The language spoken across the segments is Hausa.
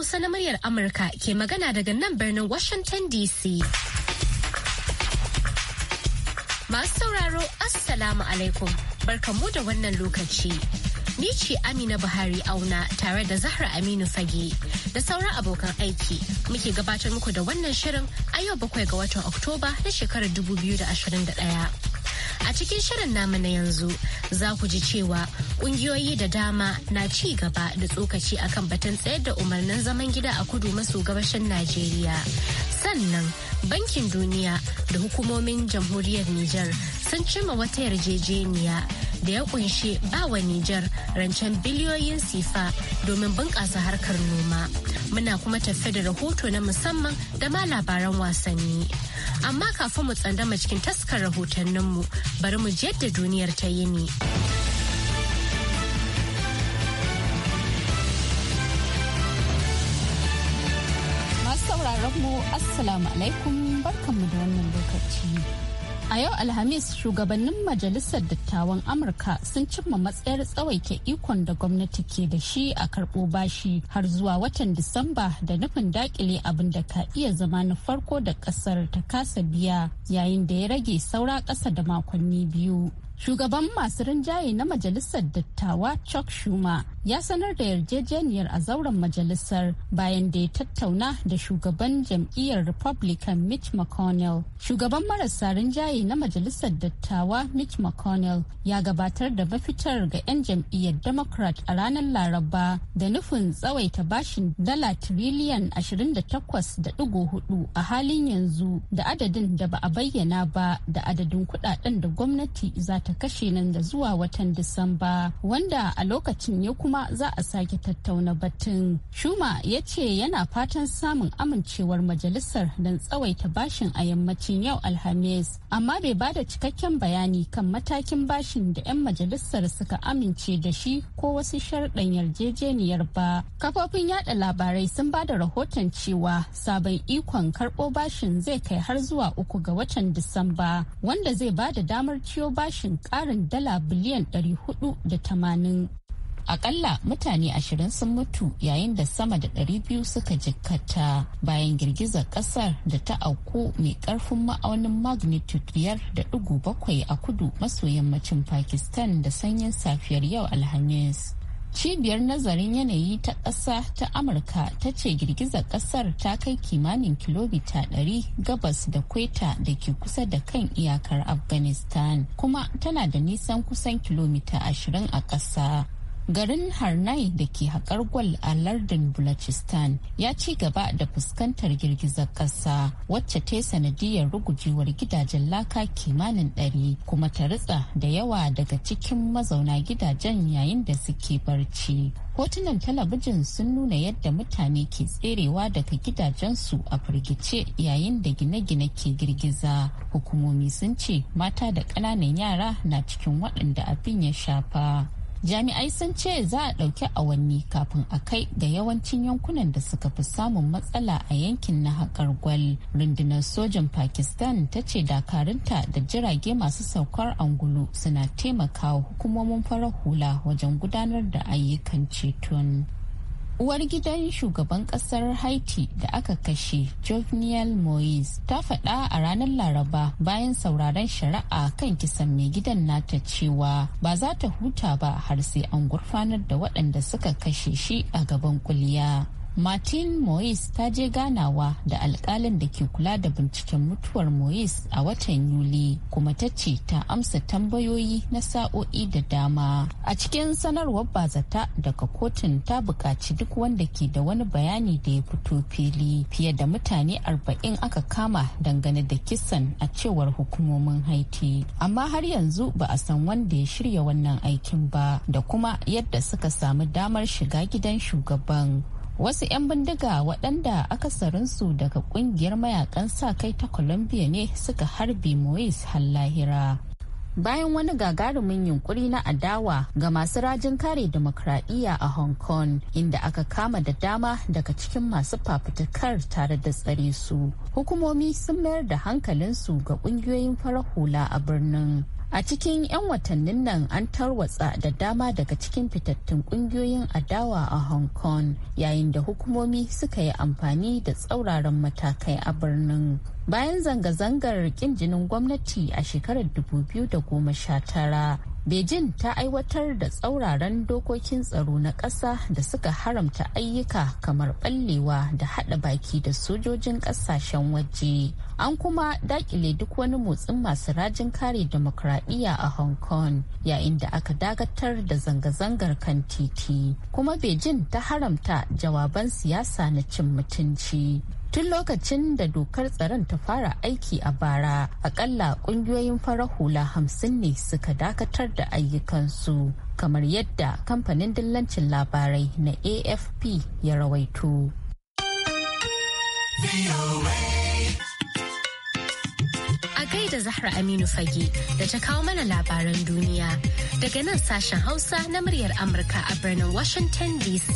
Hausa na muryar Amurka ke magana daga nan birnin Washington DC. Masu sauraro Assalamu alaikum barkamu da wannan lokaci. Ni ce Amina Buhari auna tare da Zahra Aminu Fage da sauran abokan aiki muke gabatar muku da wannan shirin a yau bakwai ga watan Oktoba na shekarar 2021. A cikin shirin namu na yanzu za ku ji cewa kungiyoyi da dama na ci gaba da tsokaci akan batun tsayar da umarnin zaman gida a kudu maso gabashin Najeriya. Sannan bankin duniya da hukumomin jamhuriyar Nijar sun cimma wata yarjejeniya da ya kunshe bawa Nijar rancen biliyoyin sifa domin bunƙasa harkar noma. Muna kuma tafe da rahoto na musamman da ma labaran wasanni. Amma kafin mu tsandama cikin taskar rahotanninmu bari mu je yadda duniyar ta yi yini. Masu sauraron mu Assalamu alaikum barkanmu da wannan lokaci. A yau Alhamis shugabannin Majalisar Dattawan Amurka sun cimma matsayar tsawaike ikon da gwamnati ke da shi a karɓo bashi har zuwa watan Disamba da nufin dakile abin da ka iya zama na farko da ƙasar ta kasa biya yayin da ya rage saura ƙasa da makonni biyu. Shugaban masu rinjaye na Majalisar Dattawa Chuck Schumer ya sanar da yarjejeniyar a zauren majalisar bayan da ya tattauna da shugaban jam'iyyar republican mitch mcconnell shugaban marasa rinjaye na majalisar dattawa mitch mcconnell ya gabatar da mafitar ga 'yan jam'iyyar democrat a ranar laraba da nufin tsawaita bashin dala tiriliyan 28.4 a halin yanzu da adadin da ba a bayyana ba da adadin kudaden da gwamnati za ta kashe nan da zuwa watan disamba wanda a lokacin ya kuma kuma za a sake tattauna batun. Shuma ya ce yana fatan samun amincewar majalisar don tsawaita bashin a yammacin yau Alhamis, amma bai ba da cikakken bayani kan matakin bashin da 'yan majalisar suka amince da shi ko wasu sharɗan yarjejeniyar ba. Kafofin yada labarai sun ba da rahoton cewa sabon ikon karɓo bashin zai kai har zuwa uku ga watan Disamba, wanda zai ba da damar ciyo bashin ƙarin dala biliyan ɗari da tamanin. akalla mutane ashirin sun mutu yayin da sama da ɗari biyu suka jikkata bayan girgizar ƙasar da ta auku mai ƙarfin ma'aunin magnitude biyar da ɗigo bakwai a kudu maso yammacin pakistan da sanyin safiyar yau alhamis cibiyar nazarin yanayi ta ƙasa ta amurka ta ce girgizar ƙasar ta kai kimanin kilomita 100 gabas da kweta da ke kusa da kan iyakar afghanistan kuma tana da nisan kusan kilomita 20 a ƙasa garin harnai da ke haƙar gwal a lardin bulachistan ya ci gaba da fuskantar girgizar ƙasa wacce ta sanadiyar rugujewar gidajen laka kimanin ɗari kuma ta ritsa da yawa daga cikin mazauna gidajen yayin da suke barci hotunan talabijin sun nuna yadda mutane ke tserewa daga gidajensu a firgice yayin da gine-gine ke girgiza hukumomi sun ce mata da ƙananan yara na cikin waɗanda abin ya shafa jami'ai sun ce za a ɗauki awanni kafin a kai ga yawancin yankunan da suka fi samun matsala a yankin na haƙar gwal rundunar sojan pakistan ta ce dakarunta da jirage masu saukar angulu suna taimakawa hukumomin farar hula wajen gudanar da ayyukan ceton uwar gidan shugaban kasar haiti da aka kashe jovenel moise ta faɗa a ranar laraba bayan sauraron shari'a kan kisan mai gidan nata cewa ba za ta huta ba har sai an gurfanar da waɗanda suka kashe shi a gaban kuliya martin moise ta je ganawa da alkalin da ke kula da binciken mutuwar moise a watan yuli kuma ta ce ta amsa tambayoyi na sa'o'i da dama a cikin sanarwar bazata daga kotun ta bukaci duk wanda ke da wani bayani da ya fito fili fiye da mutane arba'in aka kama dangane da kisan a cewar hukumomin haiti amma har yanzu ba a san wanda ya shirya wannan aikin ba da kuma yadda suka samu damar shiga gidan shugaban wasu 'yan bindiga waɗanda akasarin su daga ƙungiyar mayakan sa kai ta colombia ne suka harbi moise hallahira bayan wani gagarumin yunkuri na adawa ga masu rajin kare demokradiyya a hong kong inda aka kama da dama daga cikin masu fafutukar tare da tsare su hukumomi sun mayar da hankalinsu ga ƙungiyoyin farar hula a birnin a cikin 'yan watannin nan an tarwatsa da dama daga cikin fitattun kungiyoyin adawa a hong kong yayin da hukumomi suka yi amfani da tsauraran matakai a birnin bayan zanga-zangar kin jinin gwamnati a shekarar 2019 Beijing ta aiwatar da tsauraran dokokin tsaro na ƙasa da suka haramta ayyuka kamar ɓallewa da haɗa baki da sojojin ƙasashen waje. An kuma dakile duk wani motsin masu rajin kare demokradiyya a Hong Kong yayin da aka dagatar da zanga-zangar kan titi. Kuma Beijing ta haramta jawaban siyasa na cin mutunci. tun lokacin da dokar tsaron ta fara aiki a bara akalla kungiyoyin farar hula hamsin ne suka dakatar da ayyukansu kamar yadda kamfanin dillancin labarai na afp ya rawaito a gaida zahra aminu fage da ta kawo mana labaran duniya daga nan sashen hausa na muryar amurka a birnin washington dc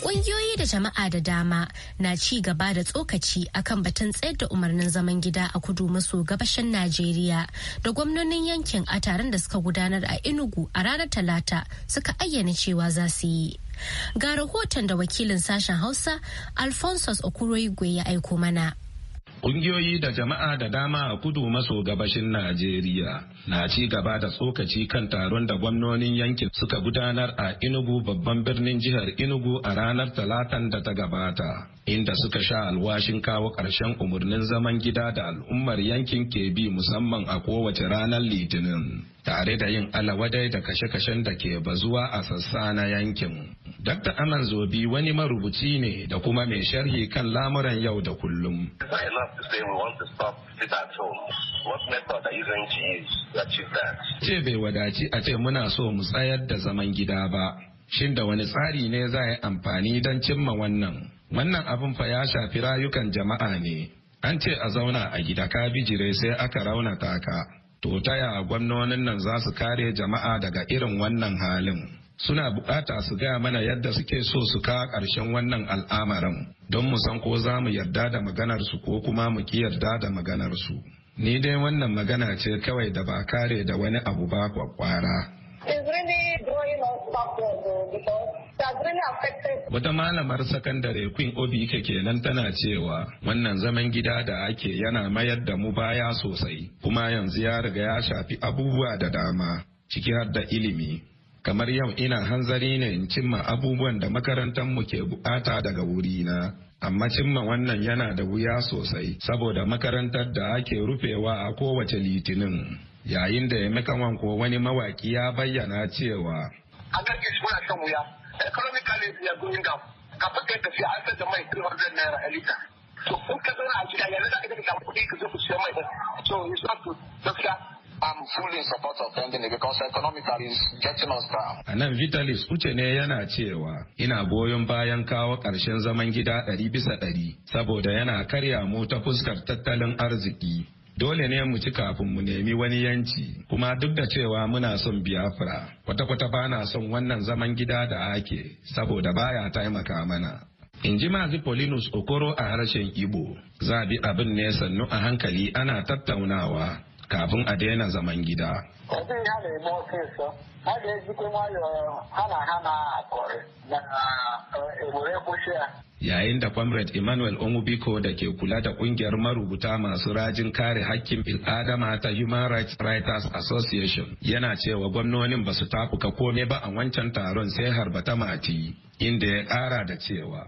Ƙungiyoyi da jama'a da dama na ci gaba da tsokaci akan batun tsayar da umarnin zaman gida a kudu maso gabashin Najeriya da gwamnonin yankin a taron da suka gudanar a inugu a ranar Talata suka ayyana cewa za su yi. Ga rahoton da wakilin sashen Hausa Alphonsus Okuroigwe ya aiko mana. Ƙungiyoyi da jama'a da dama a kudu maso gabashin Najeriya na ci gaba da tsokaci kan taron da gwamnonin yankin suka gudanar a inugu babban birnin jihar inugu a ranar talatan da ta gabata. inda suka sha alwashin kawo ƙarshen umarnin zaman gida da al'ummar yankin ke bi musamman a kowace ranar litinin tare da yin alawadai da kashe-kashen da ke bazuwa a sassa na yankin. Dr. Aman Zobi wani marubuci ne da kuma mai sharhi kan lamuran yau da kullum. Ce bai wadaci a ce muna so mu tsayar da zaman gida ba. Shin da wani tsari ne za a yi amfani don cimma wannan? wannan abin fa ya shafi rayukan jama'a ne an ce a zauna a gida ka bijire sai aka raunata ka to taya gwamnonin nan za su kare jama'a daga irin wannan halin suna bukata su gaya mana yadda suke so su ka ƙarshen wannan al'amarin don mu san ko za mu yarda da maganar su ko kuma mu ki yarda da maganar su ni dai wannan magana ce kawai da ba kare da wani abu ba kwakwara Wata malamar sakandare Queen Obi ke kenan tana cewa wannan zaman gida da ake yana mayar da mu baya sosai kuma yanzu ya riga ya shafi abubuwa da dama ciki har da ilimi. Kamar yau ina hanzari ne in cimma abubuwan da makarantarmu ke bukata daga wurina. Amma cimma wannan yana da wuya sosai saboda makarantar da ake rufewa a kowace litinin. Yayin da ya ko wani mawaki ya bayyana cewa. A kan wuya. economically we are going down kafin kai tafiya an san da mai 300 naira a liter so in ka zauna a gida yanzu za ka ga samu kuɗi ka zo ku siya mai so it's not good gaskiya I'm fully in support of ending because economically is getting us down. A nan Vitalis Uche ne yana cewa ina goyon bayan kawo ƙarshen zaman gida ɗari bisa ɗari saboda yana karya mu ta fuskar tattalin arziki. dole ne mu ci kafin mu nemi wani yanci kuma duk da cewa muna son biafra kwata-kwata ba na son wannan zaman gida da ake saboda baya taimaka mana in ji mazi polinus okoro a harshen Igbo zabi abin ne sannu a hankali ana tattaunawa kafin a daina zaman gida na-eme ọsịsọ ga ha na ha na yayin da comrade emmanuel onwubiko da ke kula da kungiyar marubuta masu rajin kare hakkin bil'adama ta human rights writers association yana cewa gwamnonin ba su tafuka kome ba a wancan taron sai harbata mati inda ya kara da cewa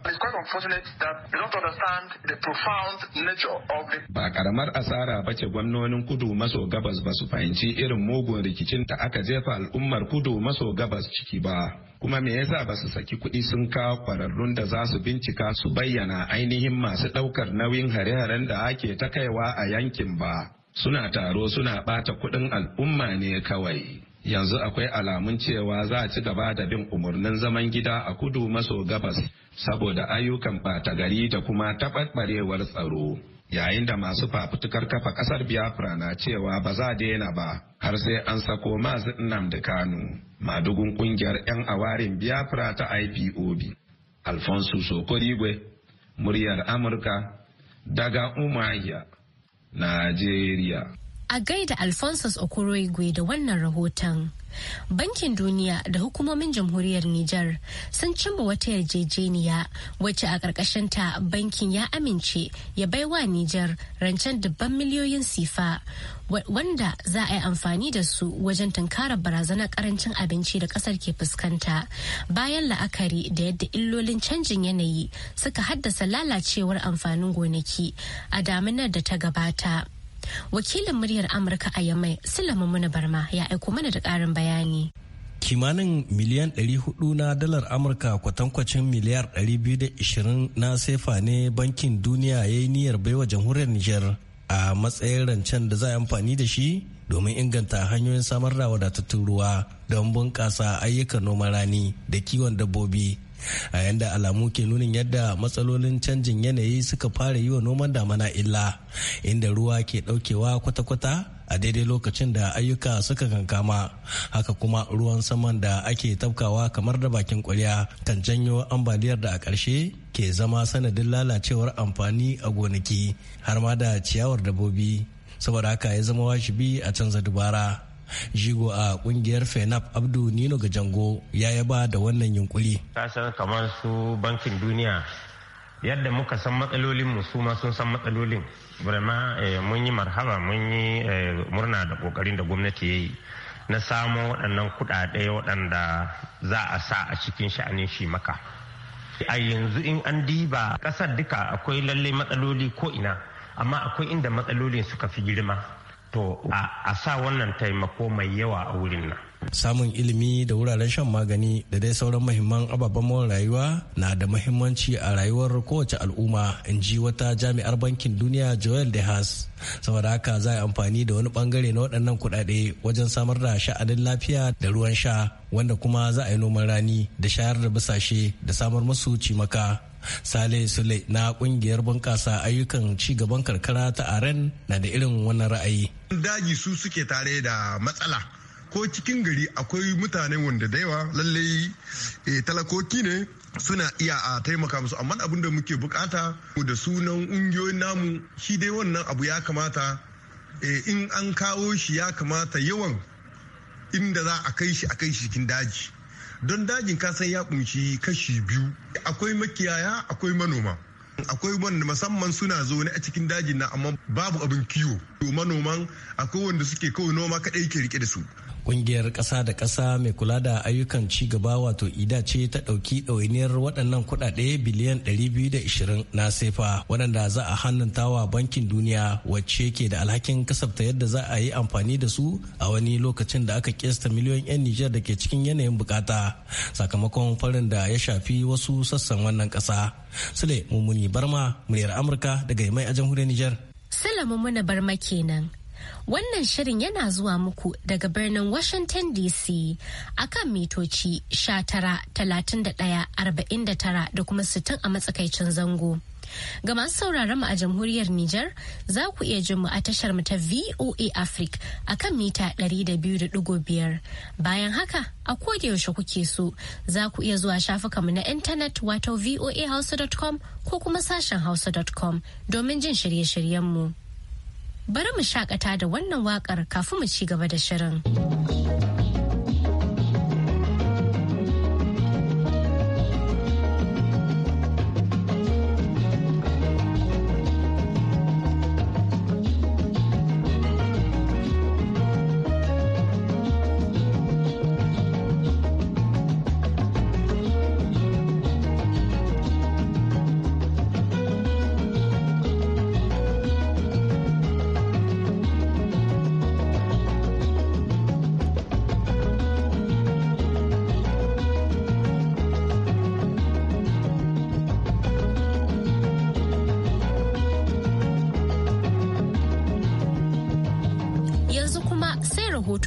ba karamar asara ba ce gwamnonin kudu maso gabas ba su fahimci irin mugu mugun rikicin da aka jefa al'ummar kudu maso gabas ciki ba kuma me yasa ba su saki kuɗi sun kawo kwararrun da za su bincika su bayyana ainihin masu ɗaukar nauyin hare-haren da ake ta kaiwa a yankin ba suna taro suna ɓata kuɗin al'umma ne kawai yanzu akwai alamun cewa za a ci gaba da bin umarnin zaman gida a kudu maso gabas saboda ayyukan ɓata gari da kuma taɓarɓarewar tsaro yayin da masu fafutukar kafa kasar biafra na cewa ba za daina ba har sai an sako mazi da kanu madugun kungiyar 'yan awarin biafra ta ipob alfonso sokorigwe muryar amurka daga umahia najeriya A gaida Alphonsus Okoroigwe da wannan rahoton. Bankin Duniya da hukumomin jamhuriyar Nijar sun cimma wata yarjejeniya wacce a ta bankin ya amince ya baiwa Nijar rancen dubban miliyoyin sifa wanda za a yi amfani da su wajen tunkara barazanar karancin abinci da ƙasar ke fuskanta bayan la'akari da yadda illolin canjin yanayi suka haddasa lalacewar amfanin gonaki a daminar da ta gabata. wakilin muryar amurka a yamai sulaiman muna barma ya aiko mana da ƙarin bayani kimanin miliyan 400 na dalar amurka kwatankwacin miliyar 220 na sefa ne bankin duniya ya yi niyyar baiwa jamhuriyar niger a matsayin rancen da za a amfani da shi domin inganta hanyoyin samar da wadatattun ruwa don bunƙasa ayyukan noman rani da kiwon dabbobi a yadda alamu ke nunin yadda matsalolin canjin yanayi suka fara yi wa noman damana illa inda ruwa ke daukewa kwata-kwata a daidai lokacin da ayyuka suka kankama haka kuma ruwan saman da ake tafkawa kamar da bakin kwarya kan janyo ambaliyar da a ƙarshe ke zama sanadin lalacewar amfani a gonaki har ma da ciyawar dabbobi, saboda haka ya zama washibi a canza dubara jigo a kungiyar fenap abdu nino ga jango ya yaba da wannan yunkuri kasan kamar su bankin duniya yadda muka san matsalolin mu su ma sun san matsalolin burama eh, mun yi marhaba mun yi eh, murna da kokarin da gwamnati ya yi na samo waɗannan kuɗaɗe waɗanda za a sa a cikin sha'anin shi maka a yanzu in an diba ƙasar duka akwai lalle matsaloli ko ina amma akwai inda matsalolin suka fi girma to a sa wannan taimako mai yawa a wurin nan samun ilimi da wuraren shan magani da dai sauran mahimman ababen more rayuwa na da mahimmanci a rayuwar kowace al'umma in ji wata jami'ar bankin duniya joel haas saboda haka za a amfani da wani bangare na waɗannan kuɗaɗe wajen samar da sha'anin lafiya da ruwan sha wanda kuma za a yi noman rani da shayar da bisashe da samar musu cimaka sale sule na kungiyar bunƙasa ayyukan ci gaban karkara ta aren na da irin wani ra'ayi daji su suke tare da matsala ko cikin gari akwai mutane wanda da yawa lallai eh, talakoki ne suna iya a taimaka musu amma abin da muke bukata da sunan ungiyoyin namu shi dai wannan abu ya kamata eh, in an kawo shi ya kamata yawan inda za a kai shi a kai shi cikin daji don dajin kasan ya kunshi kashi biyu akwai makiyaya akwai manoma akwai wanda musamman suna zaune a cikin dajin na amma babu abin kiwo manoman akwai wanda suke kawai noma kadai ke rike da su Ƙungiyar ƙasa da ƙasa mai kula da ayyukan ci gaba wato ida ce ta ɗauki ɗawainiyar waɗannan kuɗaɗe biliyan 220 na sefa waɗanda za a hannunta wa bankin duniya wacce ke da alhakin kasafta yadda za a yi amfani da su a wani lokacin da aka kesta miliyoyin 'yan Nijar da ke cikin yanayin bukata sakamakon farin da ya shafi wasu sassan wannan ƙasa. Sule mummuni Barma, muryar Amurka daga Yamai a jamhuriyar Nijar. Sule Mumuni Barma kenan. Wannan shirin yana zuwa muku daga birnin Washington DC a kan mitoci 19,31,49 da kuma 60 a matsakaicin zango. Ga masu sauraron mu a jamhuriyar Nijar za ku iya jin a tashar mu ta VOA Africa a kan mita 200.5. Bayan haka a koda yaushe kuke so za ku iya zuwa shafukanmu na intanet wato voahausa.com ko kuma sashen hausa.com domin jin shirye-shiryen mu. Bari mu shakata da wannan wakar kafin mu ci gaba da shirin.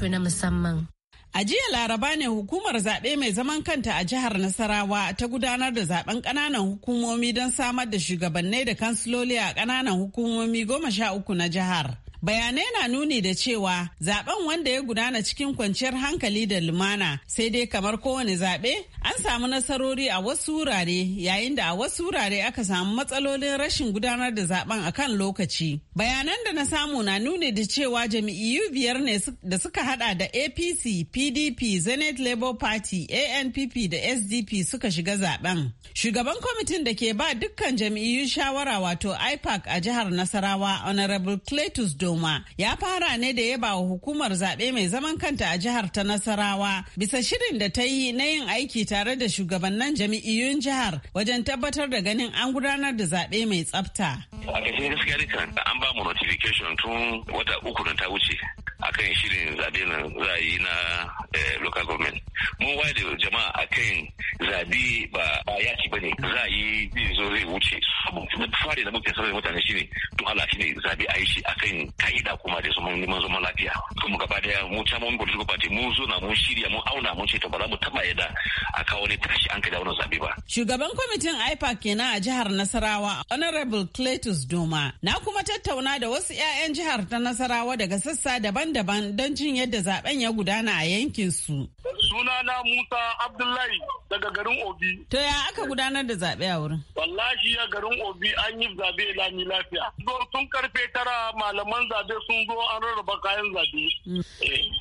rahoto na musamman. A jiya laraba ne hukumar zaɓe mai zaman kanta a jihar Nasarawa ta gudanar da zaben ƙananan hukumomi don samar da shugabannai da kansiloli a ƙananan hukumomi goma sha uku na jihar. Bayanai na nuni da cewa zaben wanda ya gudana cikin kwanciyar hankali da lumana sai dai kamar kowane zaɓe an samu nasarori a wasu wurare yayin da a wasu wurare aka samu matsalolin rashin gudanar da zaben a kan lokaci. Bayanan da na samu na nuni da cewa jami'u biyar ne da suka hada da APC, PDP, zenith Labour Party, ANPP da SDP suka shiga zaben. Shugaban kwamitin da ke ba dukkan jami'u shawara wato IPAC a jihar Nasarawa Honorable clatus Don Nkrumah ya fara ne da yaba wa hukumar zaɓe mai zaman kanta a jihar ta Nasarawa bisa shirin da ta yi na yin aiki tare da shugabannin jami'iyyun jihar wajen tabbatar da ganin an gudanar da zaɓe mai tsafta. A kashe gaskiya duka an ba mu notification tun wata uku da ta wuce akan shirin zaɓe na za a yi na eh, local government. Mun waye da jama'a akan zaɓe ba yaki ba ne za a yi zai zo zai wuce. Abu na fari da muke sanar da mutane shine tun Allah shine zaɓe a yi shi akan ka'ida kuma da su mun neman zaman lafiya kuma gaba daya mu ta mun gudu party mu zo na mun shirya mun auna mun ce to ba za mu taba yadda a kawo ne tashi an kada wannan zabe ba shugaban kwamitin IPAC kenan a jihar Nasarawa honorable Cletus Doma na kuma tattauna da wasu 'ya'yan jihar ta Nasarawa daga sassa daban-daban don jin yadda zaben ya gudana a yankin su sunana Musa Abdullahi daga garin Obi to ya aka gudanar da zabe a wurin wallahi a garin Obi an yi zabe lami lafiya sun karfe tara malaman zabe sun zo an rarraba kayan zabe.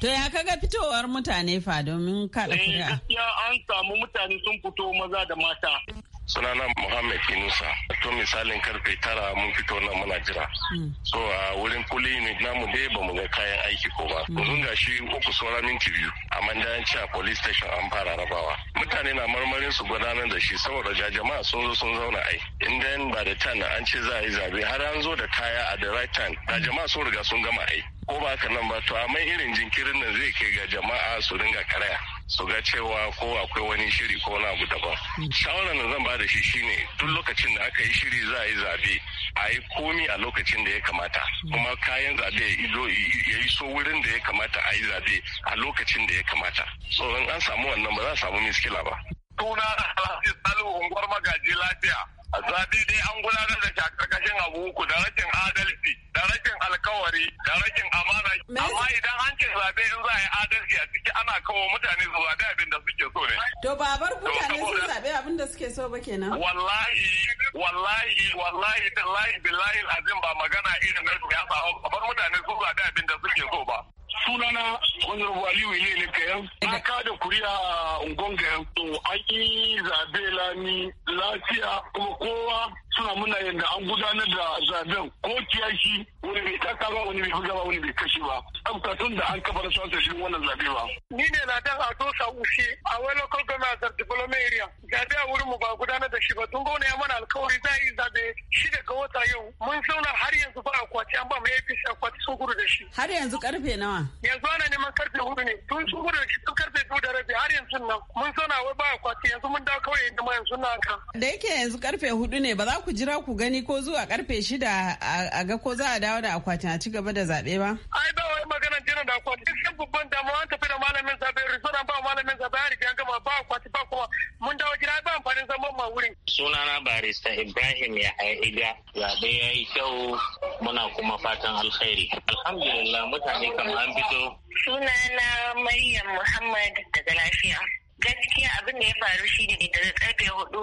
To ya kaga fitowar mutane fa domin kada eh, kuri'a. an samu mutane sun fito maza da mata. sunana Muhammad inusa to misalin karfe tara mun fito nan muna jira hmm. so a wurin kuli unit namu dai mu ga kayan aiki ko ba yanzu hmm. ga shi uku saura minti biyu amma da an ci a police station an fara rabawa mutane na marmarin su gudanar da shi saboda ga jama'a sun zo sun zauna ai in dan ba da tan an ce za a yi zabe har an zo da kaya a the right time da jama'a sun riga sun gama ai ko ba haka nan ba to amma irin jinkirin nan zai kai ga jama'a su dinga karaya su ga cewa ko akwai wani shiri ko wani abu daban mm. shawarar da zan ba da shi shine duk lokacin da aka yi shiri za a yi zabe a yi komi a lokacin da ya kamata mm. kuma kayan zabe ya yi so wurin da ya kamata a yi zabe a lokacin da ya kamata so an samu wannan ba za a samu miskila ba. Tuna Alhaji Salihu Ungwar Magaji Lafiya. zaɓe dai an gudanar da shakarkashin abu uku da rashin adalci da rashin alkawari da rashin amana amma idan an ce zaɓe in za a yi adalci a ciki ana kawo mutane su zaɓe abin da suke so ne. to babar mutane sun zaɓe abin da suke so ba kenan. wallahi wallahi wallahi tallahi billahi azim ba magana irin na siyasa ba bar mutane su zaɓe abin da suke so ba. sunana honorable aliyu ile kayan na da kuriya a ungon to an yi zabe lami lafiya kuma kowa suna muna yadda an gudanar da zaben ko kiyashi wani bai taka ba wani bai fi gaba wani bai kashe ba tsafta tun da an kafa da suwansa shirin wannan zabe ba. ni ne na dan ato ushe a wani local government as development area zabe a wurin mu ba gudanar da shi ba tun gona ya mana alkawari za a yi zabe shi ga wata yau mun zauna har yanzu ba a akwati an ba mu apc akwati sun gudu da shi. har yanzu karfe nawa. yanzu ana neman karfe hudu ne tun sun gudu da shi tun karfe biyu da rabi har yanzu nan mun zauna wai ba akwati yanzu mun dawo kawai yanzu ma yanzu na haka. da yake yanzu karfe hudu ne ba za ku jira ku gani ko zuwa karfe shida a ga ko za a dawo da akwatin a ci gaba da zaɓe ba? Ai ba wai maganar jira da akwatin. Cikin babban damuwa an tafi da malamin zaɓe risona ba malamin zaɓe an riga gama ba akwati ba kuma mun dawo gida ba amfanin zaman ma wurin. Sunana barista Ibrahim ya iga zaɓe ya yi kyau muna kuma fatan alkhairi. Alhamdulillah mutane kam an fito. Sunana Maryam Muhammad daga lafiya. gaskiya abin da ya faru shi ne daga karfe hudu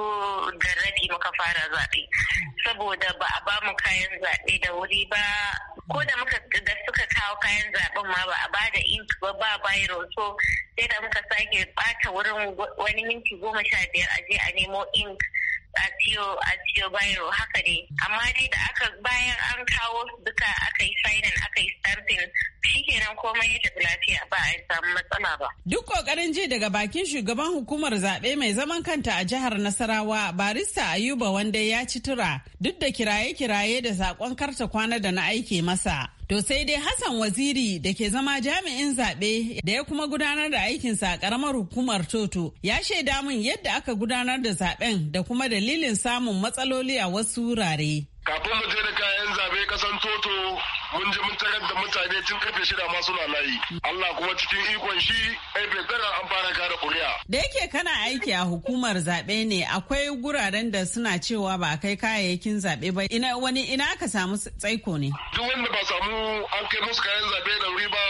da rabi muka fara zaɓe saboda ba a ba mu kayan zaɓe da wuri ba ko da muka da suka kawo kayan zaɓen ma ba a ba da ink ba ba bayro so sai da muka sake bata wurin wani minti goma sha biyar a je a nemo ink a atio bayo haka ne amma dai da aka bayan an kawo duka aka yi signing aka yi ke shikenan komai ya tafi lafiya ba a samu matsala ba duk kokarin ji daga bakin shugaban hukumar zaɓe mai zaman kanta a jihar Nasarawa barista Ayuba wanda ya ci tura duk da kiraye-kiraye da saƙon karta kwana da na aike masa To sai dai Hassan Waziri da ke zama jami'in zaɓe da ya kuma gudanar da aikinsa a ƙaramar hukumar Toto ya shaida min yadda aka gudanar da zaɓen da kuma dalilin samun matsaloli a wasu wurare. kafin mu je da kayan zabe kasan toto mun ji mun tarar da mutane tun karfe shida ma suna layi Allah kuma cikin ikon shi ai bai an fara kare kuri'a da yake kana aiki a hukumar zabe ne akwai guraren da suna cewa ba kai kayayyakin zabe ba ina wani ina ka samu tsaiko ne duk wanda ba samu an kai musu kayan zabe da wuri ba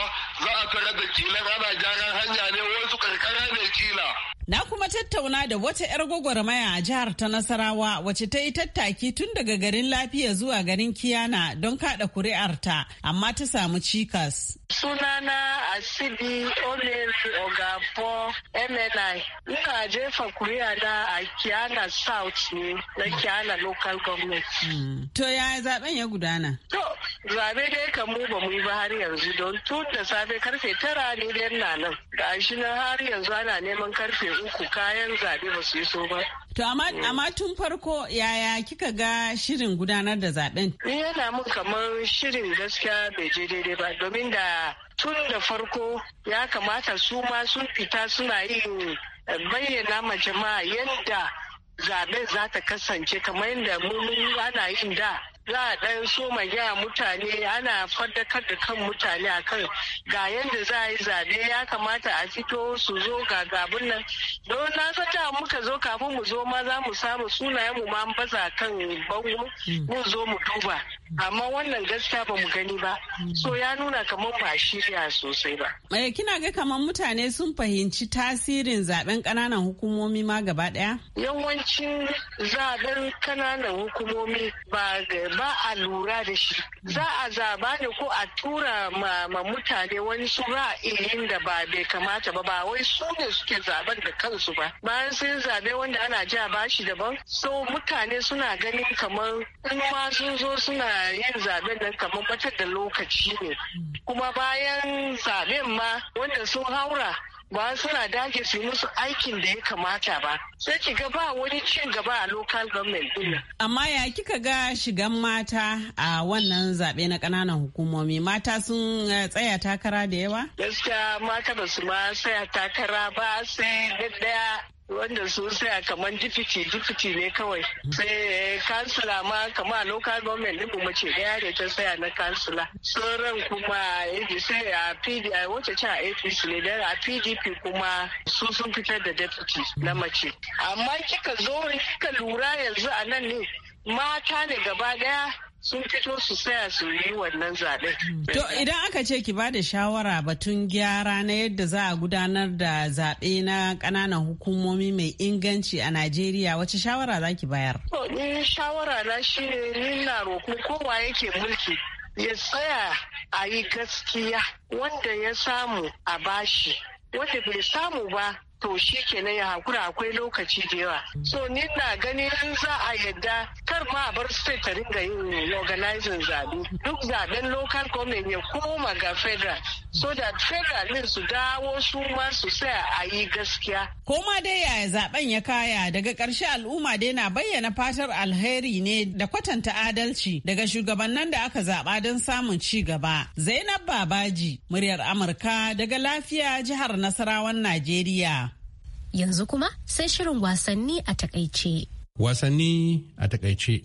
za a tarar da kilan ana gyaran hanya ne wasu karkara ne kila Na kuma tattauna da wata 'yar gwagwarmaya a jihar ta Nasarawa wacce ta yi tattaki tun daga garin lafiya zuwa garin Kiyana don kada kuri'arta amma ta samu cikas. Sunana Asibi Omer Ogafo MNI. Ina jefa kuri'a na a Kiyana South ne na Kiyana Local Government. Hmm. To yi zaben ya gudana? To zabe dai kan mu ba mu yi ba har yanzu don tun da safe karfe tara ne dai na nan. Ga shi har yanzu ana neman karfe uku kayan zaɓe ba su so ba. To mm. amma tun farko yaya kika ga shirin gudanar da zaɓen? Ni yana mun kamar shirin gaskiya bai je daidai ba domin da tun da farko ya kamata su ma sun fita suna yin eh, bayyana ma jama'a yadda zaɓen za ta kasance kamar yadda mun ana yin da. za a ɗan so ma gaya mutane ana faddakar da kan mutane a kan ga yadda za a yi zaɓe ya kamata a fito su zo ga gabin nan don na sata muka zo kafin mu zo ma za mu samu sunayen mu ma baza kan bango hmm. mun zo mu duba amma wannan gaskiya ba mu gani ba hmm. so ya nuna kamar ba shirya sosai ba. Eh kina ga kamar mutane sun fahimci tasirin zaben ƙananan hukumomi ma gaba ɗaya? Yawancin zaben ƙananan hukumomi ba ba a lura da shi za a zaba ne ko a tura ma, mutane wani su ra'ayin da ba bai kamata ba ba wai su ne suke zaben da kansu ba bayan sun zabe wanda ana ja bashi daban so mutane suna ganin kamar in ma sun zo suna yin zaben nan kamar batar da lokaci ne kuma bayan zaben ma wanda sun haura ba suna dage su musu aikin da ya kamata ba sai ki ga ba wani cin gaba a local government din amma ya kika ga shigan mata a wannan zaɓe na ƙananan hukumomi mata sun eh, tsaya takara da yawa gaskiya mata ba su ma tsaya takara ba sai daya wanda su sai kamar dipiti dipiti ne kawai sai kansila ma kama local government din kuma ce daya da ta saya na kansila sauran kuma yadda sai a pd a wace ce a apc ne da a pdp kuma su sun fitar da deputy na mace amma kika zo kika lura yanzu a nan ne mata ne gaba daya sun fito su saya su yi wannan zaɓe. To idan aka ce ki bada da shawara batun gyara na yadda za a gudanar da zaɓe na ƙananan hukumomi mai inganci a Najeriya wace shawara za ki bayar? To ni shawara na shi ni na roƙo kowa yake mulki ya tsaya a yi gaskiya wanda ya samu a bashi wanda bai samu ba to shi kenan ya hakura akwai lokaci da yawa so ni na gani in za a yadda kar ma a bar state ta ringa yin organizing zabe duk zaben local government ya koma ga federal so that federal din su dawo su ma su saya a yi gaskiya koma dai yaya zaben ya kaya daga karshe al'umma dai na bayyana fatar alheri ne da kwatanta adalci daga shugabannin da aka zaba don samun ci gaba zainab babaji muryar amurka daga lafiya jihar nasarawan najeriya Yanzu kuma sai shirin wasanni a takaice. Wasanni a takaice.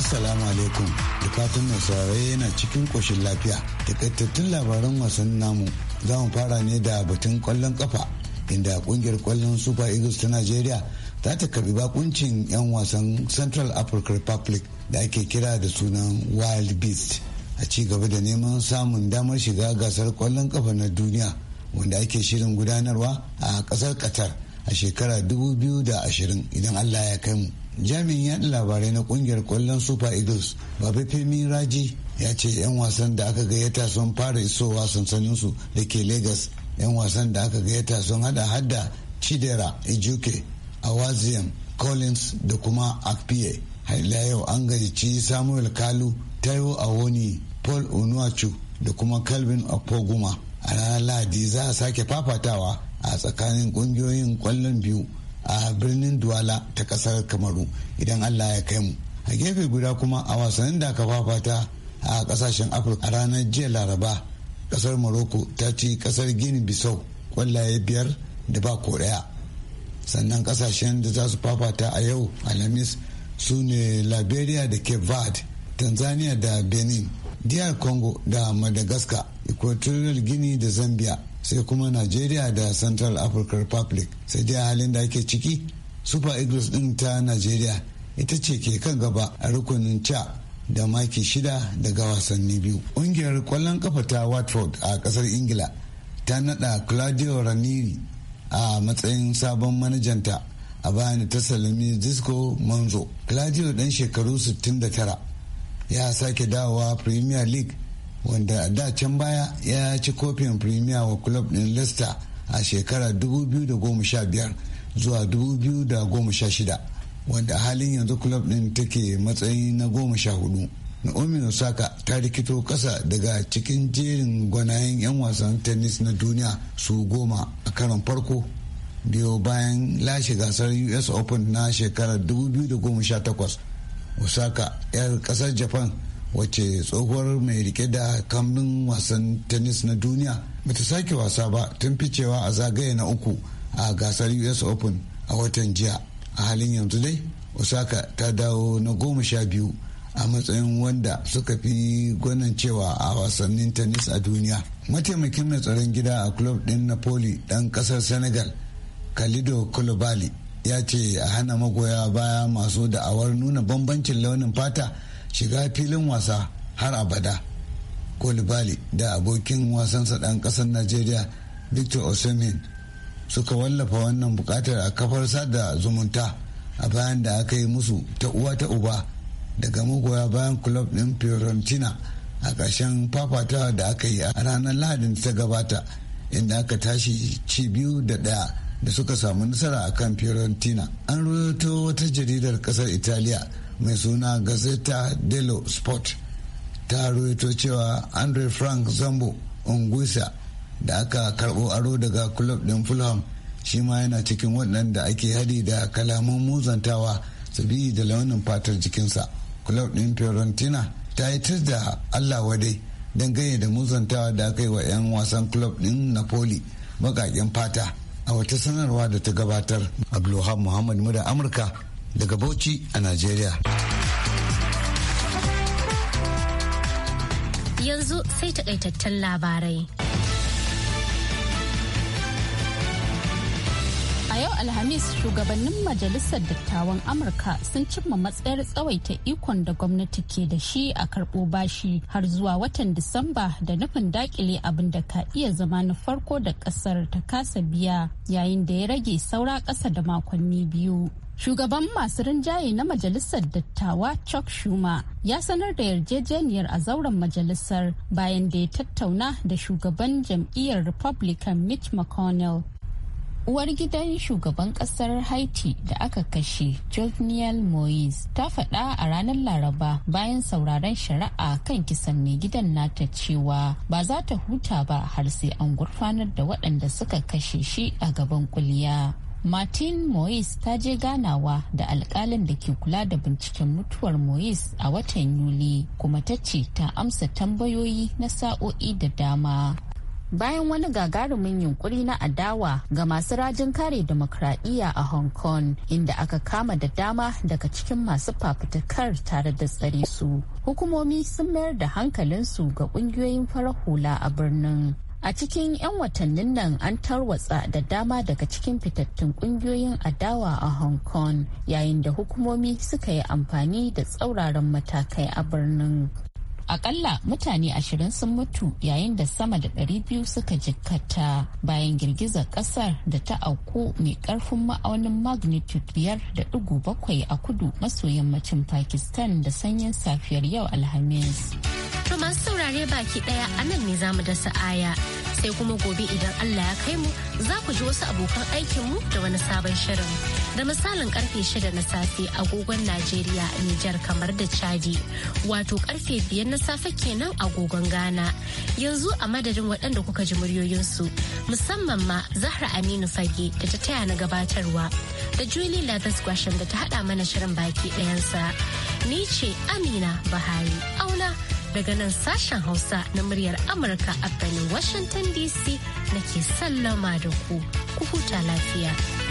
Assalamu alaikum da mai yana cikin ƙoshin lafiya. Takaitattun labaran wasan namu za mu fara ne da batun kwallon ƙafa inda ƙungiyar kwallon Super Eagles ta Najeriya ta takarbi bakuncin 'yan wasan Central African Republic da ake kira da sunan wild beast a ci gaba da neman samun damar shiga gasar kwallon kafa na duniya wanda ake shirin gudanarwa a kasar qatar a shekara 2020 idan allah ya kai mu jami'in yaɗa labarai na ƙungiyar kwallon super eagles babu femi raji ya ce 'yan wasan da aka gayyata sun fara isowa sansaninsu da ke lagos 'yan wasan da aka gayyata sun hada hadda chidera ejuke awaziyam collins da kuma apia. haila yau an gayyaci samuel kalu taiwo awoni paul onuachu da kuma calvin opoguma a ranar lahadi za a sake fafatawa a tsakanin kungiyoyin kwallon biyu a birnin duwala ta kasar kamaru idan allah ya kai mu a gefe guda kuma a wasannin da aka fafata a kasashen afirka a ranar jiya laraba kasar morocco ta ci kasar gini bisau kwallaye biyar da ba ko daya sannan kasashen da za su fafata a yau alhamis su ne liberia da cape verde tanzania da benin diyar congo da madagascar equatorial guinea da zambia sai kuma nigeria da central african republic sai dai halin da ake ciki super eagles din ta nigeria ita ce ke kan gaba a rukunin ca da maki shida daga wasanni biyu ƙungiyar kwallon kafa ta watford a ƙasar ingila ta nada claudio ranieri a matsayin sabon manajanta a bani ta salami disco manzo claudio dan shekaru 69 ya sake dawowa premier league wanda a da can baya ya ci kofin premier wa club din leicester a shekara 2015 zuwa 2016 wanda halin yanzu club din take matsayi na 14 Naomi Osaka ta rikito kasa daga cikin jerin gwanayen 'yan wasan tennis na duniya su goma a karon farko biyo bayan lashe gasar us open na shekarar 2018 osaka 'yar kasar japan wacce tsohuwar mai rike da kambin wasan tennis na duniya bata sake wasa ba tun ficewa a zagaye na uku a gasar us open a watan jiya a halin yanzu dai osaka ta dawo na goma sha biyu a matsayin wanda suka fi gwanin cewa a wasannin tennis a duniya mataimakin mai tsaron gida a club din napoli dan kasar senegal kalido kulubali ya ce a hana magoya baya masu da'awar nuna bambancin launin fata shiga filin wasa har abada kulubali da abokin wasansa ɗan ƙasar nigeria victor osimhen suka wallafa wannan bukatar a kafar sada zumunta a bayan da aka yi musu ta uwa ta uba daga magoya bayan club ɗin fiorentina a ƙarshen fafatawa da aka yi a ranar lahadin ta gabata inda aka tashi ci biyu da ɗaya da suka samu nasara a kan Fiorentina. An rubuto wata jaridar kasar Italiya mai suna gazeta dello Sport ta rubuto cewa Andre Frank Zambo Unguisa da aka karbo aro daga kulob ɗin Fulham shi ma yana cikin waɗanda ake hadi da kalaman muzantawa sabi da launin fatar jikinsa. Kulob ɗin Fiorentina ta yi da Allah wadai dangane da muzantawa da aka yi wa 'yan wasan kulob ɗin Napoli baƙaƙen fata. a wata sanarwa da ta gabatar abdulwahab muhammad muda amurka daga bauchi a najeriya yanzu sai takaitattun labarai A yau Alhamis shugabannin Majalisar Dattawan Amurka sun cimma matsayar tsawaita ikon da gwamnati ke da shi a karɓo bashi har zuwa watan Disamba da nufin dakile abin da ka iya zama na farko da ƙasar ta kasa biya yayin da ya rage saura ƙasa da makonni biyu. Shugaban masu rinjaye na Majalisar Dattawa Chuck Schumer ya sanar da yarjejeniyar a zauren majalisar bayan da ya tattauna da shugaban jam'iyyar Republican Mitch McConnell uwar gidan shugaban kasar haiti da aka kashe jovenel moise ta faɗa a ranar laraba bayan sauraron shari'a kan kisan mai gidan nata cewa ba za ta huta ba har sai an gurfanar da waɗanda suka kashe shi a gaban kuliya martin moise ta je ganawa da alkalin da ke kula da binciken mutuwar moise a watan yuli kuma ta ce ta amsa tambayoyi na sa'o'i da dama bayan wani gagarumin yunkuri na adawa ga masu rajin kare demokradiyya a hong kong inda aka kama da dama daga cikin masu fafutukar tare da tsare su hukumomi sun mayar da hankalinsu ga kungiyoyin farar hula a birnin a cikin 'yan watannin nan an tarwatsa da dama daga cikin fitattun kungiyoyin adawa a hong kong yayin da hukumomi suka yi amfani da tsauraran matakai a birnin akalla mutane ashirin sun mutu yayin da sama da ɗari biyu suka jikkata bayan girgizar ƙasar da ta auku mai ƙarfin ma'aunin magnitude biyar da ɗigo bakwai a kudu maso yammacin pakistan da sanyin safiyar yau alhamis. To masu saurare baki daya a nan ne zamu dasa aya sai kuma gobe idan Allah ya kai mu za ku ji wasu abokan mu da wani sabon shirin. Da misalin karfe shida na safe agogon Najeriya a Nijar kamar da Chadi wato karfe biyar na safe kenan agogon Ghana. Yanzu a madadin waɗanda kuka ji muryoyinsu musamman ma Zahra Aminu Fage da ta taya na gabatarwa da Julie Lathers Gwashin da ta haɗa mana shirin baki ɗayansa. Ni ce Amina Bahari auna daga nan sashen Hausa na muryar Amurka a birnin Washington DC nake sallama da ku, ku huta lafiya.